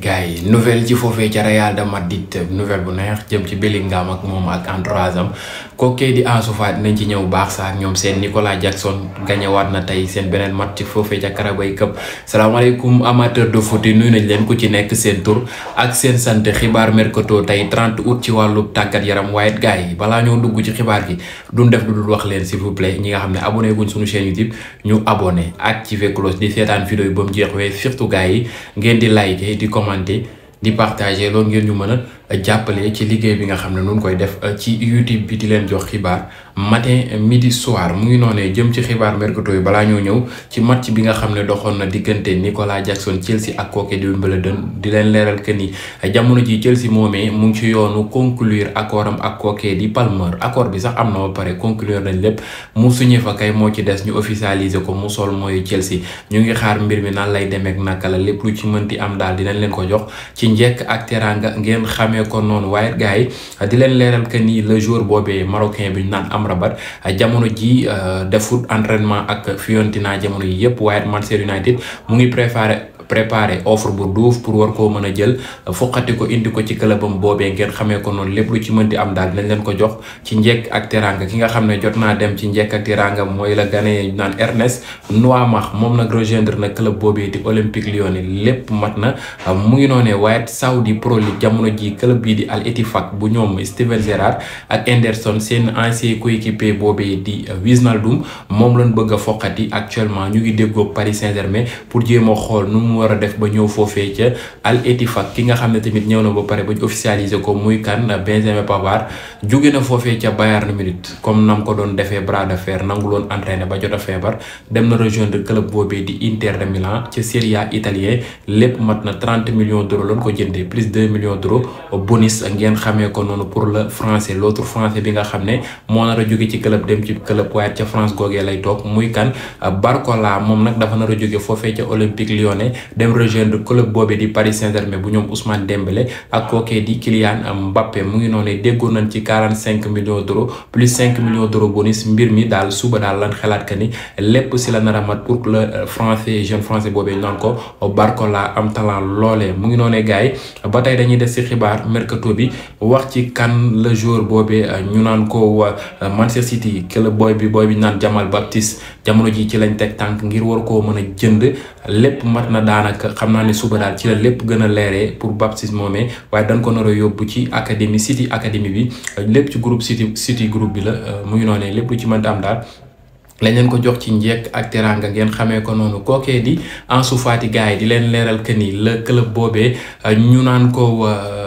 gars yi nouvelle ci foofee ca Real de Madrid nouvelle bu neex jëm ci Bellingham ak moom ak entourage am kookee di Ansu Fati dinañ ci ñëw baax sax ñoom seen Nicolas Jackson gañewaat na tey seen beneen mat match foofee ca Carabao Cup salaamaaleykum amateur de foot nuyu nañ leen ku ci nekk seen tur ak seen sant xibaar mercato tey 30 août ci wàllu tàggat yaram waaye gars yi balaa ñoo dugg ci xibaar gi duñ def lu dul wax leen s'il vous plaît ñi nga xam ne abonné guñ suñu chaîne YouTube ñu abonné activer cloche di seetaan vidéo yi ba mu jeex surtout gars yi ngeen di liker di commenter di partager loolu ngeen ñu mën a jàppale ci liggéey bi nga xam ne nun koy def euh, ci YouTube bi di leen jox xibaar matin midi soir mu ngi noonee jëm ci xibaar mercato yi balaa ñoo ñëw ci match bi nga xam ne doxoon na diggante Nicolas Jackson Chelsea ak kooke di Wimbledon di leen leeral que ni euh, jamono ji Chelsea moomee mu ngi ci yoonu conclure accord am ak kooke di Palmer accord bi sax am na ba pare conclure nañ lépp mu suñu fa kay moo ci des ñu officialiser ko mu sol mooy Chelsea ñu ngi xaar mbir mi nan lay demee naka la lépp lu ci mënti am daal dinañ leen ko jox ci njekk amee kon noonu waaye gars yi di leen leeral que ni le boobee marocain bi ñu naan Amrabat jamono ji euh, defut entraînement ak Fiorentina jamono yi yëpp waaye Manchester United mu ngi préparé. préparé offre bu duuf pour war koo mën a jël foqati ko indi ko ci këlëbam boobee ngeen xamee ko noonu lépp lu ci mën am daal dinañ leen ko jox ci njekk ak teranga ki nga xam ne jot naa dem ci njekk ak teranga mooy la gane naan Ernest Noamah moom nag rejoindre na club boobee di Olympique Lyon lépp mat na mu ngi noonee waaye Saudi Pro League jamono ji club bii di Al Ettifaq bu ñoom Steven Gerrard ak Henderson seen ancien coéquipier boobee di Wijnaldum moom lañ bëgg a foqati actuellement ñu ngi déggoo Paris Saint-Germain pour jéem a xool mu war a def ba ñëw foofee ca Al Ettifaq ki nga xam ne tamit ñëw na ba pare bañ officialiser ko muy kan Benjamin Pavard jóge na foofee ca Bayern Munich comme nam ko doon defee bras de nangu loon entraîné ba jot a feebar dem na rejoindre club boobee di Inter de Milan ca Serie A italien lépp mat na 30 millions de lañ ko jëndee plus 2 millions d'euros bonus ngeen xamee ko noonu pour le français l'autre français bi nga xam ne moo nar a jóge ci club dem ci club waaye ca France googee lay toog muy kan Barcola moom nag dafa nar a jóge foofee ca Olympique Lyonnais dem rejoindre club boobee di Paris Saint-Germain bu ñoom Ousmane Dembélé ak kookee di Kylian Mbappé mu ngi noonu déggoon nañ ci quarante cinq millions d'euros plus cinq millions d'euros bonus mbir mi daal suba daal lan xalaat que ni lépp si la nar a mat pour que le français jeune français boobee naan ko la am talent loole mu ngi noonu gars yi ba tey dañuy des si xibaar mercato bi wax ci kan le joueur boobee ñu naan ko Manchester City club booy bi booy bi naan Jamal Baptiste jamono ji ci lañ teg tànk ngir war koo mën a jënd daanaka xam naa ne suba daal ci la lépp gën a leeree pour baptisme moomee waaye dañ ko nar a yóbbu ci académie city académie bi lépp ci groupe city city groupe bi la euh, mu ngi noonee lépp lu ci mënta am daal lañ ko jox ci njekk ak teranga ngeen xamee ko noonu kookee di Ansu Fati di leen leeral que ni le club boobee euh, ñu naan ko. Euh,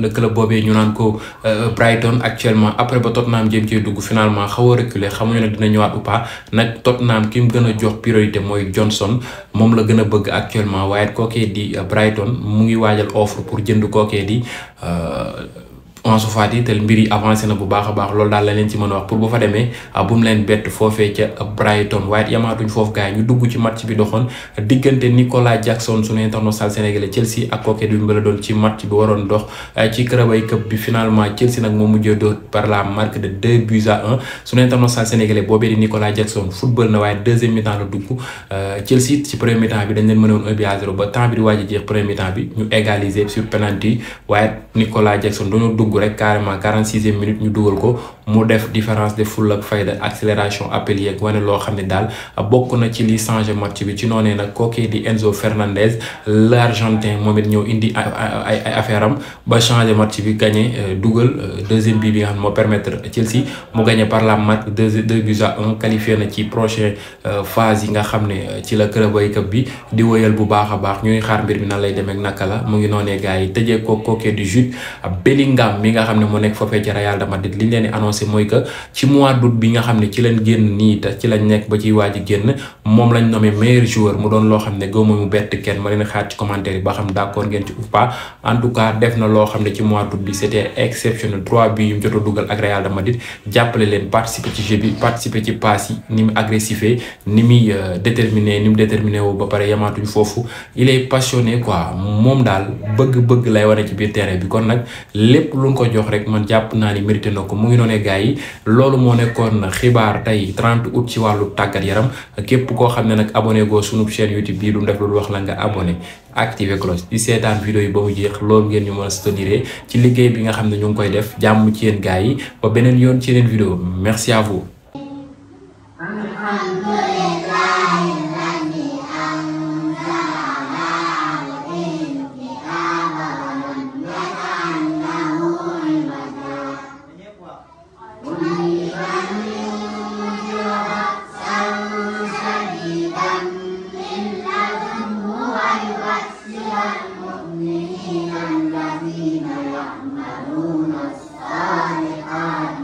le club boobee ñu naan ko euh, Brighton actuellement après ba Tottenham jéem cee dugg finalement xaw a reculer xamuñu ne dina ñëwaat ou pas nag Tottenham ki mu gën a jox priorité mooy Johnson moom la gën a bëgg actuellement waaye kookee di euh, Brighton mu ngi waajal offre pour jënd kookee di. Euh, on se fàttali te mbir yi avancé na bu baax a baax loolu daal la leen ci mën a wax pour bu fa demee ah, bu leen bett foofee ca Brighton waaye it yamaatuñ foofu gars yi ñu dugg ci match bi doxoon diggante Nicolas Jackson sunu international sénégalais Chelsea ak kooku ah, du Nicolas Jackson football na waaye deuxième mi la dugg ah, Chelsea ci premier mi bi dañ leen mënoon 1 à 0 ba temps di waaj jeex premier mi bi ñu égaliser sur penalty waaye Nicolas Jackson dañoo dugg. dugg rek carrément 46e minute ñu dugal ko mu def différence de full ak fayda accélération appel yeeg wane loo xam ne daal bokk na ci li changé match bi ci noonee nag kookee di Enzo Fernandez l'argentin moom it ñëw indi ay ay affaire am ba changé match bi gagné euh, dugal euh, deuxième bi bi nga moo permettre Chelsea mu gagné par la marque deux deux buts à un qualifié na ci prochain euh, phase yi nga xam ne ci la club cup bi di wëyal bu baax a baax ñuy xaar mbir mi na lay demee naka la mu ngi noonee gars yi tëjee ko kookee di Jude Bellingham nga xam ne moo nekk foofee leen di annoncé mooy que ci mois d'août bi nga xam ne ci lañ génn nii te ci lañ nekk ba ciy waaj génn moom lañ nommé meilleur joueur mu doon loo xam ne gëmuma mu bett kenn ma leen xaar ci commentaire yi ba xam d'accord ngeen ne ci mois d'août a dugal ak ci jeu bi ni mu agressifé ni muy euh, déterminé ni mu déterminé woo ba pare yamaatuñ foofu il est passionné quoi moom daal bëgg-bëgg lay wane ci biir terrain bi kon nag lépp lu ko jox rek man jàpp naa ni mérité na ko mu ngi noonee gars yi loolu moo nekkoon xibaar tey 30 août ci wàllu tàggat yaram képp koo xam ne nag abonné goo sunu chaîne YouTube bii du def lu wax la nga abonné activé cloche di seetaan vidéo yi ba mu jeex loolu ngeen ñu mën a soutenir ci liggéey bi nga xam ne ñu ngi koy def jàmm ci yéen gars yi ba beneen yoon ci yeneen vidéo merci à vous. يعملون الصالحات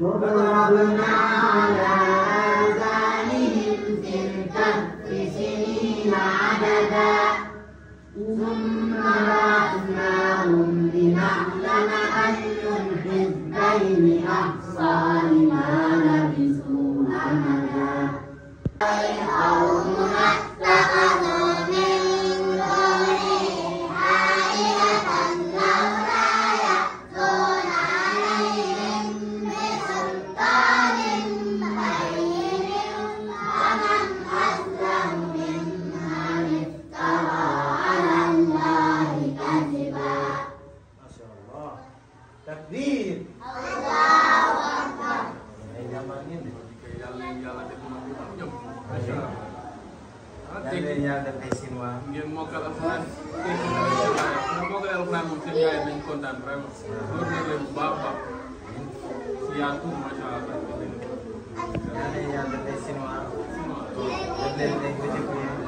وضربنا على ذلك alxuraan tey jii tamit alxuraan ndax boo koy alxuraan moom seen yaay nañu kontaan vraiment loolu nag leen bu baax baax si yaatu ko macha allah. daa lay yàlla def ay sinuwaar. def leen ay bëccëg